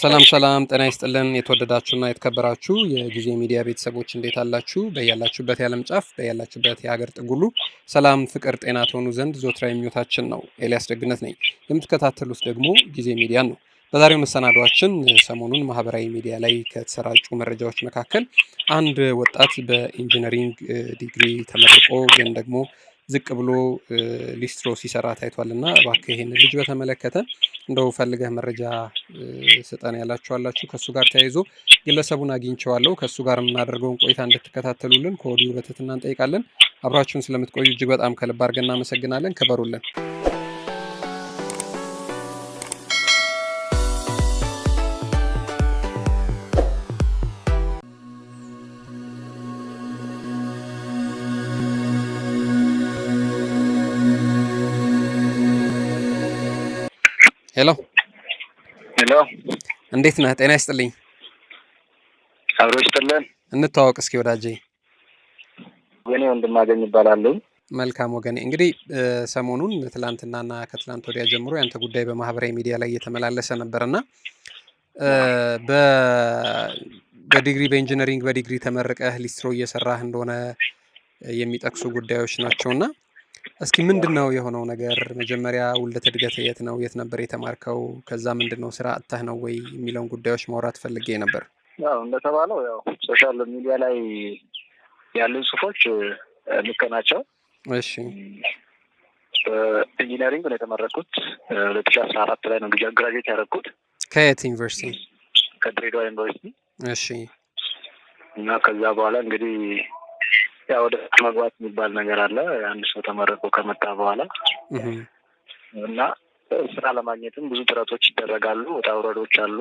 ሰላም ሰላም፣ ጤና ይስጥልን የተወደዳችሁና የተከበራችሁ የጊዜ ሚዲያ ቤተሰቦች እንዴት አላችሁ? በያላችሁበት የዓለም ጫፍ በያላችሁበት የሀገር ጥጉሉ ሰላም፣ ፍቅር፣ ጤና ትሆኑ ዘንድ ዞትራ የሚወታችን ነው። ኤልያስ ደግነት ነኝ። የምትከታተሉት ደግሞ ጊዜ ሚዲያ ነው። በዛሬው መሰናዷችን ሰሞኑን ማህበራዊ ሚዲያ ላይ ከተሰራጩ መረጃዎች መካከል አንድ ወጣት በኢንጂነሪንግ ዲግሪ ተመርቆ ግን ደግሞ ዝቅ ብሎ ሊስትሮ ሲሰራ ታይቷል። እና እባክህ ይህን ልጅ በተመለከተ እንደው ፈልገህ መረጃ ስጠን ያላችኋላችሁ ከእሱ ጋር ተያይዞ ግለሰቡን አግኝቸዋለሁ። ከእሱ ጋር የምናደርገውን ቆይታ እንድትከታተሉልን ከወዲሁ በትህትና እንጠይቃለን። አብራችሁን ስለምትቆዩ እጅግ በጣም ከልብ አድርገን እናመሰግናለን። ክበሩልን። እንዴት ነህ? ጤና ይስጥልኝ። አብሮ ይስጥልን። እንተዋወቅ እስኪ ወዳጄ። ወገኔ ወንድማገኝ ይባላለሁ። መልካም ወገኔ፣ እንግዲህ ሰሞኑን ትላንትናና ከትላንት ወዲያ ጀምሮ ያንተ ጉዳይ በማህበራዊ ሚዲያ ላይ እየተመላለሰ ነበር እና በዲግሪ በኢንጂነሪንግ በዲግሪ ተመርቀህ ሊስትሮ እየሰራህ እንደሆነ የሚጠቅሱ ጉዳዮች ናቸው እና እስኪ ምንድን ነው የሆነው ነገር? መጀመሪያ ውልደት እድገት የት ነው? የት ነበር የተማርከው? ከዛ ምንድን ነው ስራ አጥተህ ነው ወይ የሚለውን ጉዳዮች ማውራት ፈልጌ ነበር። ያው እንደተባለው ያው ሶሻል ሚዲያ ላይ ያሉን ጽሁፎች ልክ ናቸው። እሺ ነው የተመረኩት። ሁለት ሺ አስራ አራት ላይ ነው ግራጁዌት ያደረኩት። ከየት ዩኒቨርሲቲ? ከድሬዳዋ ዩኒቨርሲቲ። እሺ እና ከዛ በኋላ እንግዲህ ያው ወደ መግባት የሚባል ነገር አለ። አንድ ሰው ተመርቆ ከመጣ በኋላ እና ስራ ለማግኘትም ብዙ ጥረቶች ይደረጋሉ። ወጣ ውረዶች አሉ።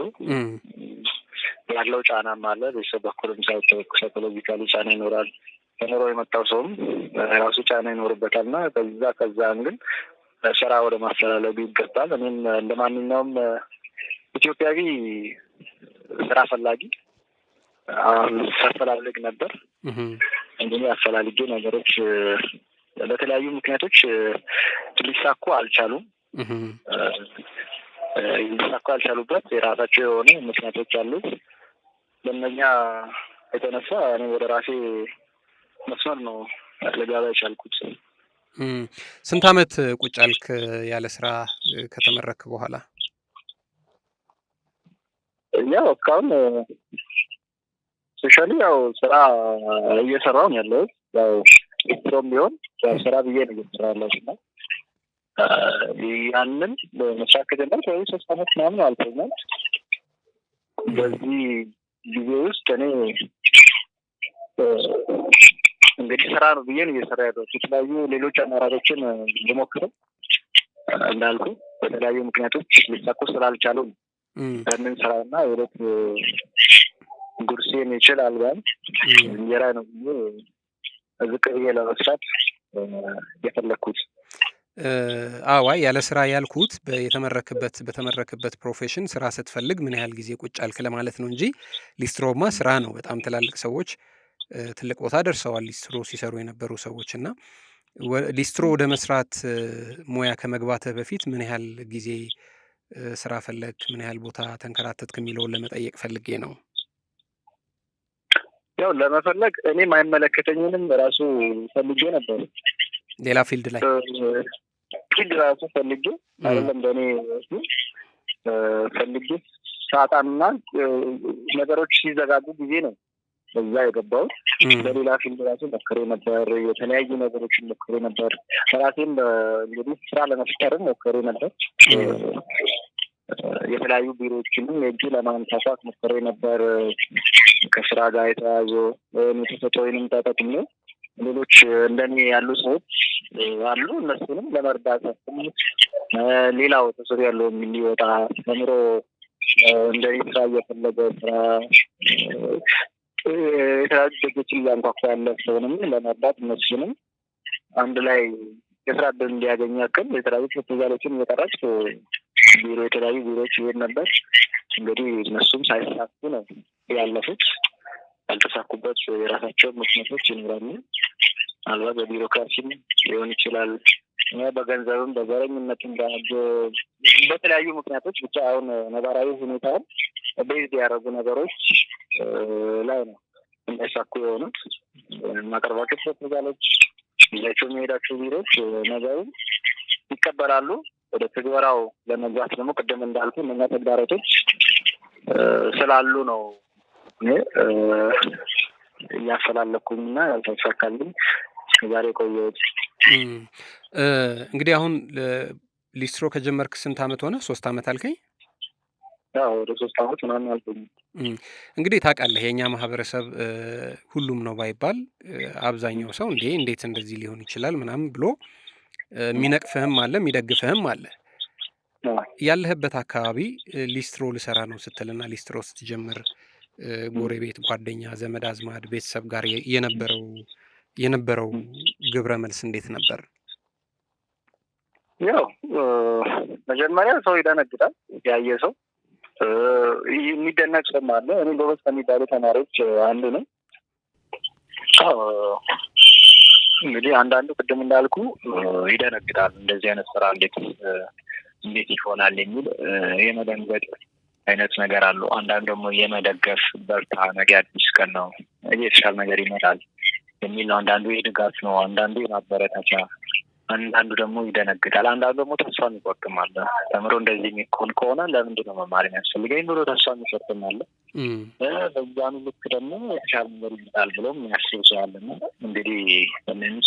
ያለው ጫናም አለ። ቤተሰብ በኩልም ሳይኮሎጂካሊ ጫና ይኖራል። ተኖሮ የመጣው ሰውም ራሱ ጫና ይኖርበታል እና ከዛ ከዛም ግን ስራ ወደ ማፈላለጉ ይገባል። እኔም እንደ ማንኛውም ኢትዮጵያዊ ስራ ፈላጊ አፈላልግ ነበር። እንግዲህ አፈላልጌ ነገሮች በተለያዩ ምክንያቶች ሊሳኩ አልቻሉም። ሊሳኩ ያልቻሉበት የራሳቸው የሆኑ ምክንያቶች አሉ። በእነኛ የተነሳ እኔ ወደ ራሴ መስመር ነው ልገባ የቻልኩት። ስንት አመት ቁጭ አልክ ያለ ስራ ከተመረክ በኋላ? ያው እስካሁን ስፔሻሊ ያው ስራ እየሰራውን ያለው ያው ድሮም ቢሆን ስራ ብዬ ነው እየሰራ ያለሁት ና ያንን መስራት ከጀመር ወይ ሶስት አመት ምናምን አልፎኛል። በዚህ ጊዜ ውስጥ እኔ እንግዲህ ስራ ነው ብዬ ነው እየሰራ ያለሁት። የተለያዩ ሌሎች አማራጮችን ልሞክርም እንዳልኩ በተለያዩ ምክንያቶች ሊሳኩ ስላልቻሉ ነው ያንን ስራ እና ሁለት ጉርሴን ይችላል ባል እንጀራ ነው ዝቅ ብዬ ለመስራት የፈለግኩት። አዋይ ያለ ስራ ያልኩት የተመረክበት በተመረክበት ፕሮፌሽን ስራ ስትፈልግ ምን ያህል ጊዜ ቁጭ አልክ ለማለት ነው እንጂ ሊስትሮማ ስራ ነው። በጣም ትላልቅ ሰዎች ትልቅ ቦታ ደርሰዋል ሊስትሮ ሲሰሩ የነበሩ ሰዎች እና ሊስትሮ ወደ መስራት ሙያ ከመግባትህ በፊት ምን ያህል ጊዜ ስራ ፈለግ፣ ምን ያህል ቦታ ተንከራተትክ የሚለውን ለመጠየቅ ፈልጌ ነው። ያው ለመፈለግ እኔም አይመለከተኝንም ራሱ ፈልጌ ነበር። ሌላ ፊልድ ላይ ፊልድ ራሱ ፈልጌ አይደለም በእኔ ፈልጌ ሳጣንና ነገሮች ሲዘጋጉ ጊዜ ነው እዛ የገባሁት። በሌላ ፊልድ ራሱ ሞክሬ ነበር። የተለያዩ ነገሮችን ሞክሬ ነበር። ራሴም እንግዲህ ስራ ለመፍጠርም ሞክሬ ነበር። የተለያዩ ቢሮዎችንም እጁ ለማንሳሳት ሞክሬ ነበር። ከስራ ጋር የተያያዘ የተፈጥሮ የመምጣጠቅም ነው። ሌሎች እንደኔ ያሉ ሰዎች አሉ። እነሱንም ለመርዳት ሌላው ተሰሩ ያለው የሚወጣ ተምሮ እንደ ስራ እየፈለገ ስራ የተለያዩ ደጆችን እያንኳኳ ያለ ሰውንም ለመርዳት እነሱንም አንድ ላይ የስራ ዕድል እንዲያገኙ ያክል የተለያዩ ፕሮፖዛሎችን እየጠራች ቢሮ የተለያዩ ቢሮዎች ይሄድ ነበር። እንግዲህ እነሱም ሳይሳኩ ነው ያላለፉት ያልተሳኩበት የራሳቸው ምክንያቶች ይኖራሉ። ምናልባት በቢሮክራሲም ሊሆን ይችላል፣ በገንዘብም፣ በዘረኝነትም፣ በተለያዩ ምክንያቶች ብቻ አሁን ነባራዊ ሁኔታውን ቤዝ ያደረጉ ነገሮች ላይ ነው የሚያሳኩ የሆኑት። ማቀርባቸው ፕሮፖዛሎች ይዛቸው የሚሄዳቸው ቢሮች ነገሩ ይቀበላሉ። ወደ ትግበራው ለመግባት ደግሞ ቅድም እንዳልኩ እነኛ ተግዳሮቶች ስላሉ ነው እያፈላለኩኝ እና ያልተሳካልኝ ዛሬ ቆየሁት። እንግዲህ አሁን ሊስትሮ ከጀመርክ ስንት አመት ሆነ? ሶስት አመት አልከኝ። ወደ ሶስት አመት ምናምን አልፈኝ። እንግዲህ ታውቃለህ የእኛ ማህበረሰብ ሁሉም ነው ባይባል አብዛኛው ሰው እንዴ እንዴት እንደዚህ ሊሆን ይችላል ምናምን ብሎ የሚነቅፍህም አለ የሚደግፍህም አለ። ያለህበት አካባቢ ሊስትሮ ልሰራ ነው ስትልና ሊስትሮ ስትጀምር ጎረቤት፣ ጓደኛ፣ ዘመድ አዝማድ፣ ቤተሰብ ጋር የነበረው የነበረው ግብረ መልስ እንዴት ነበር? ያው መጀመሪያ ሰው ይደነግጣል። ያየ ሰው የሚደነቅ ሰው አለ። እኔ ጎበዝ ከሚባሉ ተማሪዎች አንዱ ነው። እንግዲህ አንዳንዱ ቅድም እንዳልኩ ይደነግጣል። እንደዚህ አይነት ስራ እንዴት እንዴት ይሆናል የሚል የመደንገጥ አይነት ነገር አሉ። አንዳንድ ደግሞ የመደገፍ በርታ፣ ነገ አዲስ ቀን ነው፣ የተሻለ ነገር ይመጣል የሚል ነው። አንዳንዱ የድጋፍ ነው፣ አንዳንዱ የማበረታቻ፣ አንዳንዱ ደግሞ ይደነግጣል፣ አንዳንዱ ደግሞ ተስፋ የሚቆርጥም ተምሮ እንደዚህ የሚሆን ከሆነ ለምንድን ነው መማር የሚያስፈልገኝ ብሎ ተስፋ የሚቆርጥም በዛኑ ልክ ደግሞ የተሻለ ነገር ይመጣል ብሎም የሚያስብ ሰው አለ። እና እንግዲህ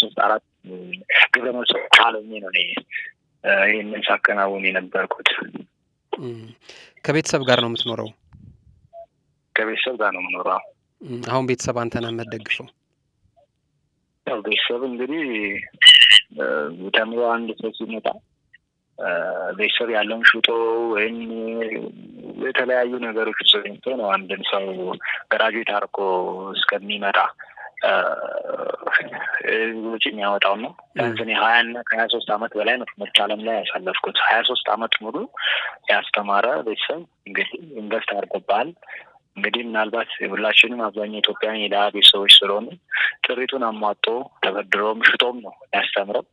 ሶስት አራት ግብረ መልሶች አለኝ ነው ይህንን ሳከናውን የነበርኩት። ከቤተሰብ ጋር ነው የምትኖረው? ከቤተሰብ ጋር ነው የምኖረው። አሁን ቤተሰብ አንተን የምትደግፈው? ያው ቤተሰብ እንግዲህ ተምሮ አንድ ሰው ሲመጣ ቤተሰብ ያለውን ሽጦ ወይም የተለያዩ ነገሮች ተኝቶ ነው አንድን ሰው ገራጁዌት አድርጎ እስከሚመጣ ውጭ የሚያወጣው ነው። ዚ እኔ ሀያ እና ከሀያ ሶስት አመት በላይ ነው ትምህርት አለም ላይ ያሳለፍኩት። ሀያ ሶስት አመት ሙሉ ያስተማረ ቤተሰብ እንግዲህ ኢንቨስት አድርጎብሃል። እንግዲህ ምናልባት ሁላችንም አብዛኛው ኢትዮጵያን የድሀ ሰዎች ስለሆኑ ጥሪቱን አሟጦ ተበድሮም ሽጦም ነው ያስተምረው።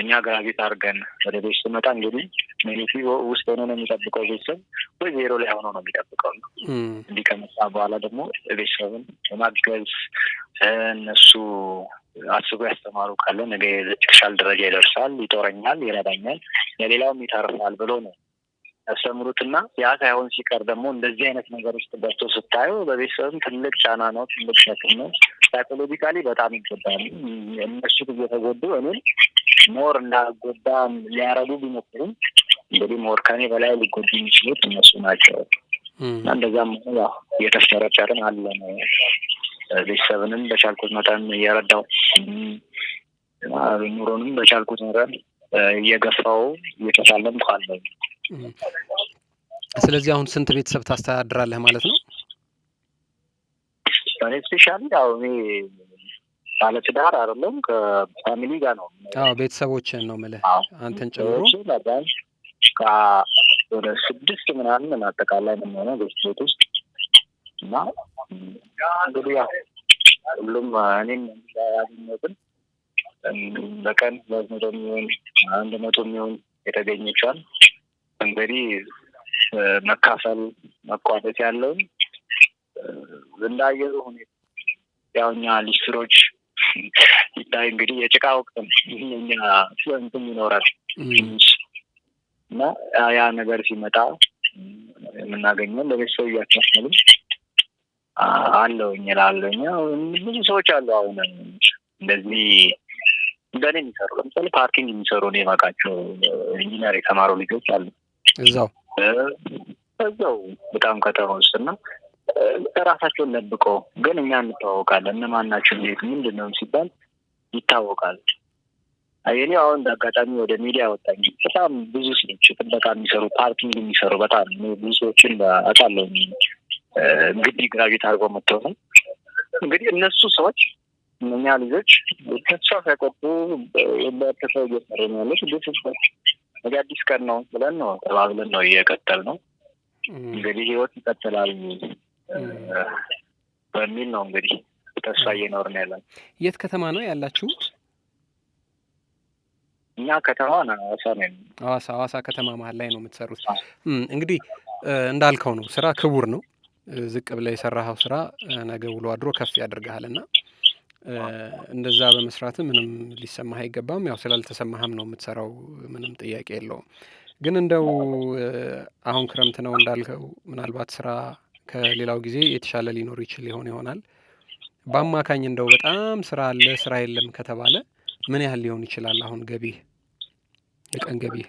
እኛ ጋዜጣ አድርገን ወደ ቤት ስመጣ እንግዲህ ሚኒቲ ውስጥ ሆኖ ነው የሚጠብቀው ቤተሰብ ወይ ዜሮ ላይ ሆኖ ነው የሚጠብቀው። ነው እንዲህ ከመጣ በኋላ ደግሞ ቤተሰብን በማገዝ እነሱ አስቡ ያስተማሩ ካለ ነገ የተሻል ደረጃ ይደርሳል፣ ይጦረኛል፣ ይረዳኛል፣ ለሌላውም ይተርፋል ብሎ ነው ያስተምሩትና ያ ሳይሆን ሲቀር ደግሞ እንደዚህ አይነት ነገር ውስጥ ገብቶ ስታዩ በቤተሰብም ትልቅ ጫና ነው፣ ትልቅ ሸክም ነው። ሳይኮሎጂካሊ በጣም ይጎዳል። እነሱ እየተጎዱ እኔም ሞር እንዳጎዳ ሊያረጉ ቢሞክሩም እንግዲህ ሞር ከኔ በላይ ሊጎዱ የሚችሉት እነሱ ናቸው። እንደዛም ያው የተፍጨረጨርን አለ ነው። ቤተሰብንም በቻልኩት መጠን እየረዳው ኑሮንም በቻልኩት መጠን እየገፋው እየተሳለም ካለ ስለዚህ አሁን ስንት ቤተሰብ ታስተዳድራለህ ማለት ነው? እኔ ስፔሻሊ ያው እኔ ባለትዳር አይደለም ከፋሚሊ ጋር ነው። አዎ ቤተሰቦችን ነው የምልህ አንተን ጨምሮ ወደ ስድስት ምናምን አጠቃላይ የምንሆነው ቤት ውስጥ እና እንግዲህ ያው ሁሉም እኔም ያገኘትን በቀን በሚሆን አንድ መቶ የሚሆን የተገኘችዋል እንግዲህ መካፈል መቋደት ያለውን እንዳየሩ አየሩ ሁኔታ ያው እኛ ሊስትሮች ሲታይ እንግዲህ የጭቃ ወቅት እኛ እንትን ይኖራል እና ያ ነገር ሲመጣ የምናገኘው ለቤተሰብ እያቻሉ አለውኝ ላለኛ ብዙ ሰዎች አሉ። አሁን እንደዚህ እንደኔ የሚሰሩ ለምሳሌ ፓርኪንግ የሚሰሩ ነው የማቃቸው ኢንጂነር የተማሩ ልጆች አሉ። እዛው እዛው በጣም ከተማ ውስጥ ራሳቸውን እራሳቸውን ግን እኛ እንተዋወቃለን። እነማን ናቸው እንዴት ምንድን ነው ሲባል ይታወቃል። እኔ አሁን በአጋጣሚ ወደ ሚዲያ ወጣኝ። በጣም ብዙ ሰዎች ጥበቃ የሚሰሩ ፓርኪንግ የሚሰሩ በጣም ብዙ ሰዎችን አውቃለሁ። እንግዲህ ግራጁዌት አድርገው መጥተው ነው እንግዲህ እነሱ ሰዎች እኛ ልጆች ተስፋ ሳይቆርጡ በተሰው እየሰረኛለች ነው ያለች ነገ አዲስ ቀን ነው ብለን ነው ተባብለን ነው እየቀጠል ነው እንግዲህ ህይወት ይቀጥላል በሚል ነው እንግዲህ ተስፋ እየኖርን ያለን። የት ከተማ ነው ያላችሁት? እኛ ከተማ አዋሳ ነው። አዋሳ አዋሳ ከተማ መሀል ላይ ነው የምትሰሩት። እንግዲህ እንዳልከው ነው ስራ ክቡር ነው። ዝቅ ብለህ የሰራኸው ስራ ነገ ውሎ አድሮ ከፍ ያደርግሃል እና እንደዛ በመስራት ምንም ሊሰማህ አይገባም። ያው ስላልተሰማህም ነው የምትሰራው፣ ምንም ጥያቄ የለውም። ግን እንደው አሁን ክረምት ነው እንዳልከው፣ ምናልባት ስራ ከሌላው ጊዜ የተሻለ ሊኖር ይችል ሊሆን ይሆናል። በአማካኝ እንደው በጣም ስራ አለ ስራ የለም ከተባለ ምን ያህል ሊሆን ይችላል? አሁን ገቢህ የቀን ገቢህ?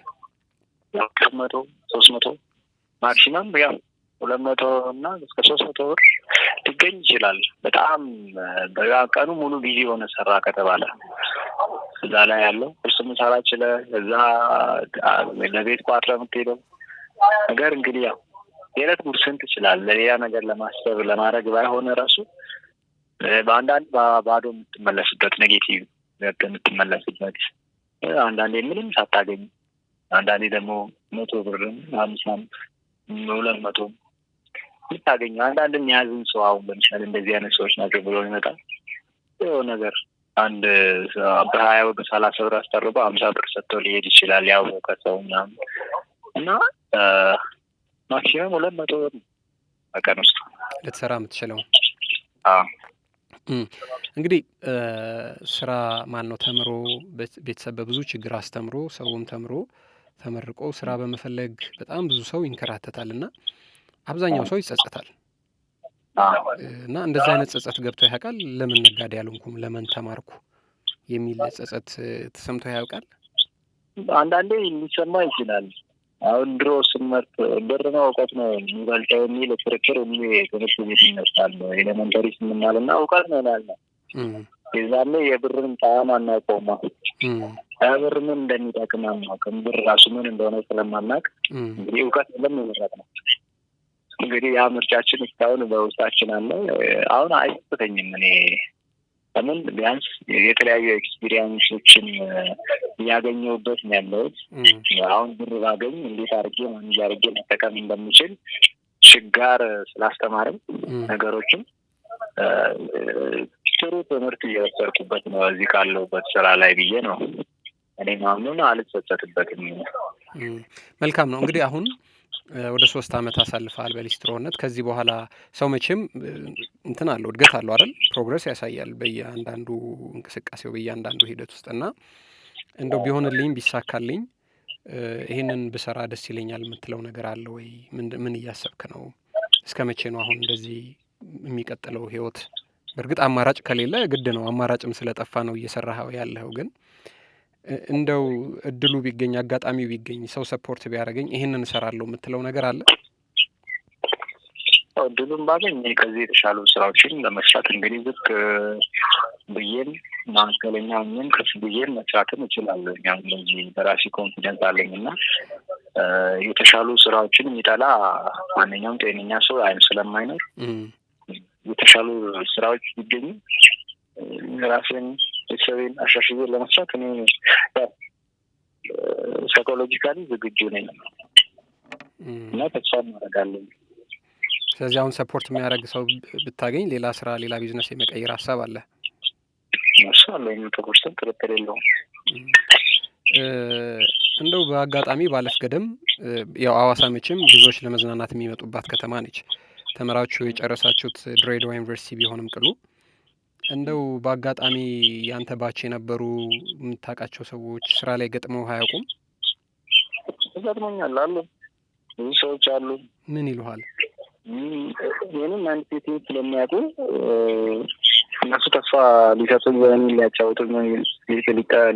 ሶስት መቶ ማክሲማም ያው ሁለት መቶ እና እስከ ሶስት መቶ ብር ሊገኝ ይችላል። በጣም ቀኑ ሙሉ ቢዚ የሆነ ሰራ ከተባለ እዛ ላይ ያለው እርስ ምሳራ ችለ እዛ ለቤት ቋጥረ የምትሄደው ነገር እንግዲህ ያው የዕለት ጉርስን ትችላል። ለሌላ ነገር ለማሰብ ለማድረግ ባይሆነ ራሱ በአንዳንድ ባዶ የምትመለስበት ኔጌቲቭ የምትመለስበት አንዳንዴ ምንም ሳታገኝ አንዳንዴ ደግሞ መቶ ብርም አምሳም ሁለት መቶም ልታገኘው አንዳንድ የያዝን ሰው አሁን በምሳሌ እንደዚህ አይነት ሰዎች ናቸው ብሎ ይመጣል። ይኸው ነገር አንድ በሀያ በሰላሳ ብር አስጠርቦ አምሳ ብር ሰጥቶ ሊሄድ ይችላል። ያው ከሰው ና እና ማክሲመም ሁለት መቶ ብር በቀን ውስጥ ልትሰራ የምትችለው። እንግዲህ ስራ ማን ነው ተምሮ ቤተሰብ በብዙ ችግር አስተምሮ ሰውም ተምሮ ተመርቆ ስራ በመፈለግ በጣም ብዙ ሰው ይንከራተታል እና አብዛኛው ሰው ይጸጸታል እና እንደዚህ አይነት ጸጸት ገብቶ ያውቃል? ለምን ነጋዴ ያልሆንኩም፣ ለምን ተማርኩ የሚል ጸጸት ተሰምቶ ያውቃል? አንዳንዴ ሊሰማ ይችላል። አሁን ድሮ ስመርት ብር ነው እውቀት ነው የሚበልጠው የሚል ክርክር እ ትምህርት ቤት ይነሳል። ኤሌመንተሪ ስምናል እና እውቀት ነው ያል ነው የዛኔ የብርን ጣዕም አናውቀውማ ብር ምን እንደሚጠቅም አናውቅም። ብር ራሱ ምን እንደሆነ ስለማናውቅ እንግዲህ እውቀት ለም የለም ነው እንግዲህ ያ ምርጫችን እስካሁን በውስጣችን አለ። አሁን አይጠተኝም። እኔ ለምን ቢያንስ የተለያዩ ኤክስፒሪንሶችን እያገኘሁበት ነው ያለሁት። አሁን ብር ባገኝ እንዴት አድርጌ ማንጅ አድርጌ መጠቀም እንደምችል ችጋር ስላስተማርም ነገሮችም ጥሩ ትምህርት እየወሰድኩበት ነው እዚህ ካለሁበት ስራ ላይ ብዬ ነው እኔ ማምኑን አልጸጸትበትም። መልካም ነው እንግዲህ አሁን ወደ ሶስት አመት አሳልፈሃል በሊስትሮነት። ከዚህ በኋላ ሰው መቼም እንትን አለው እድገት አለው አይደል? ፕሮግረስ ያሳያል በየአንዳንዱ እንቅስቃሴው በየአንዳንዱ ሂደት ውስጥ እና እንደው ቢሆንልኝ ቢሳካልኝ ይህንን ብሰራ ደስ ይለኛል የምትለው ነገር አለ ወይ? ምን እያሰብክ ነው? እስከ መቼ ነው አሁን እንደዚህ የሚቀጥለው ህይወት? በእርግጥ አማራጭ ከሌለ ግድ ነው፣ አማራጭም ስለጠፋ ነው እየሰራህ ያለኸው ግን እንደው እድሉ ቢገኝ አጋጣሚው ቢገኝ ሰው ሰፖርት ቢያደርገኝ ይህንን እሰራለሁ የምትለው ነገር አለ? እድሉን ባገኝ ከዚህ የተሻሉ ስራዎችን ለመስራት እንግዲህ ዝቅ ብዬም መካከለኛ ምን ከፍ ብዬም መስራትም እችላለሁ። ያው እንደዚህ በራሴ ኮንፊደንስ አለኝ እና የተሻሉ ስራዎችን የሚጠላ ማንኛውም ጤነኛ ሰው አይን ስለማይኖር የተሻሉ ስራዎች ቢገኙ ራሴን ቤተሰቤን አሻሽዬ ለመስራት እኔ ሳይኮሎጂካሊ ዝግጁ ነኝ እና ተስፋ እናደርጋለን። ስለዚህ አሁን ሰፖርት የሚያደርግ ሰው ብታገኝ ሌላ ስራ፣ ሌላ ቢዝነስ የመቀየር ሀሳብ አለ? እሱ ጥርጥር የለውም። እንደው በአጋጣሚ ባለፍ ገደም ያው አዋሳ መቼም ብዙዎች ለመዝናናት የሚመጡባት ከተማ ነች። ተመራችሁ የጨረሳችሁት ድሬዳዋ ዩኒቨርሲቲ ቢሆንም ቅሉ እንደው በአጋጣሚ ያንተ ባች የነበሩ የምታውቃቸው ሰዎች ስራ ላይ ገጥመው አያውቁም? ገጥመኛል አሉ ብዙ ሰዎች አሉ። ምን ይሉሃል? ይህንም አንድ ሴት ስለሚያውቁ እነሱ ተስፋ ሊሰጡኝ ወይም ሊያጫወቱኝ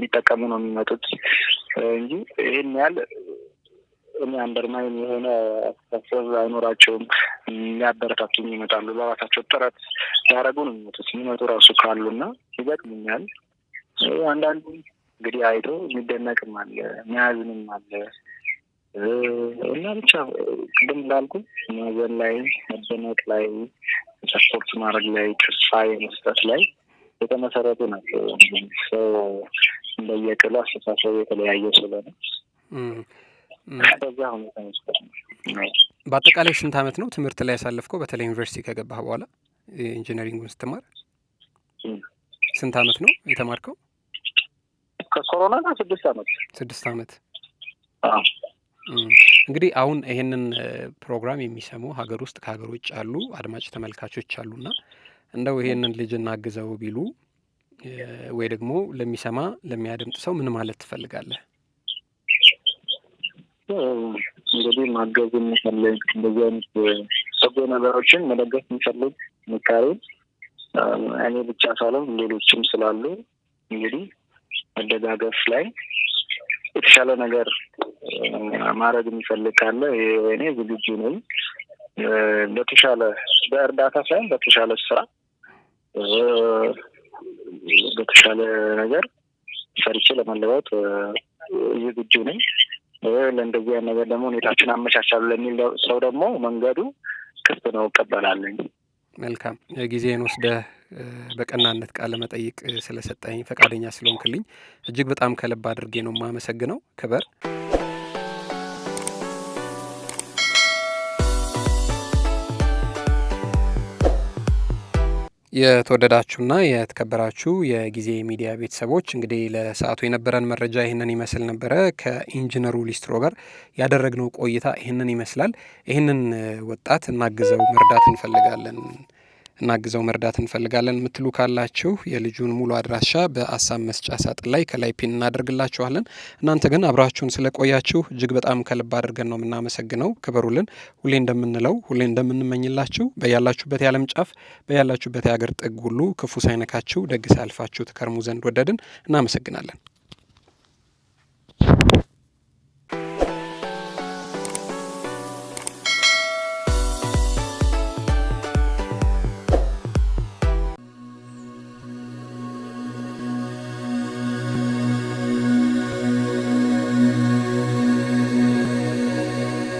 ሊጠቀሙ ነው የሚመጡት እንጂ ይህን ያህል አንደርማይን የሆነ አስተሳሰብ አይኖራቸውም። ሊያበረታቱኝ ይመጣሉ። በራሳቸው ጥረት ያደረጉ ነው የሚመጡት። የሚመጡ ራሱ ካሉ እና ይገጥምኛል። አንዳንዱ እንግዲህ አይቶ የሚደነቅም አለ፣ መያዝንም አለ እና ብቻ ቅድም እንዳልኩ መዘን ላይ መደነቅ ላይ ስፖርት ማድረግ ላይ ተስፋ የመስጠት ላይ የተመሰረቱ ናቸው። ሰው እንደየቅሉ አስተሳሰብ የተለያየ ስለሆነ ሁኔታ በአጠቃላይ ስንት አመት ነው ትምህርት ላይ ያሳለፍከው? በተለይ ዩኒቨርሲቲ ከገባህ በኋላ ኢንጂነሪንግን ስትማር ስንት አመት ነው የተማርከው? ከኮሮና ጋር ስድስት አመት ስድስት አመት እንግዲህ አሁን ይሄንን ፕሮግራም የሚሰሙ ሀገር ውስጥ ከሀገር ውጭ ያሉ አድማጭ ተመልካቾች አሉና እንደው ይሄንን ልጅ እናግዘው ቢሉ ወይ ደግሞ ለሚሰማ ለሚያደምጥ ሰው ምን ማለት ትፈልጋለህ? እንግዲህ ማገዝ የሚፈልግ እንደዚህ አይነት በጎ ነገሮችን መደገፍ የሚፈልግ ምካሪ እኔ ብቻ ሳለም ሌሎችም ስላሉ እንግዲህ መደጋገፍ ላይ የተሻለ ነገር ማድረግ የሚፈልግ ካለ ይሄ ወይኔ ዝግጁ ነኝ። በተሻለ በእርዳታ ሳይሆን በተሻለ ስራ በተሻለ ነገር ሰርቼ ለመለወጥ ዝግጁ ነኝ። ለእንደዚህ አይነት ነገር ደግሞ ሁኔታችን አመቻቻሉ ለሚል ሰው ደግሞ መንገዱ ክፍት ነው እቀበላለኝ። መልካም ጊዜን ወስደህ በቀናነት ቃለ መጠይቅ ስለሰጠኝ ፈቃደኛ ስለሆንክልኝ እጅግ በጣም ከልብ አድርጌ ነው የማመሰግነው። ክበር የተወደዳችሁና የተከበራችሁ የጊዜ ሚዲያ ቤተሰቦች እንግዲህ ለሰዓቱ የነበረን መረጃ ይህንን ይመስል ነበረ። ከኢንጂነሩ ሊስትሮ ጋር ያደረግነው ቆይታ ይህንን ይመስላል። ይህንን ወጣት እናግዘው፣ መርዳት እንፈልጋለን እናግዘው መርዳት እንፈልጋለን የምትሉ ካላችሁ የልጁን ሙሉ አድራሻ በአሳብ መስጫ ሳጥን ላይ ከላይ ፒን እናደርግላችኋለን። እናንተ ግን አብራችሁን ስለቆያችሁ እጅግ በጣም ከልብ አድርገን ነው የምናመሰግነው። ክበሩልን። ሁሌ እንደምንለው ሁሌ እንደምንመኝላችሁ በያላችሁበት የዓለም ጫፍ በያላችሁበት የአገር ጥግ ሁሉ ክፉ ሳይነካችሁ ደግ ሳያልፋችሁ ትከርሙ ዘንድ ወደድን። እናመሰግናለን።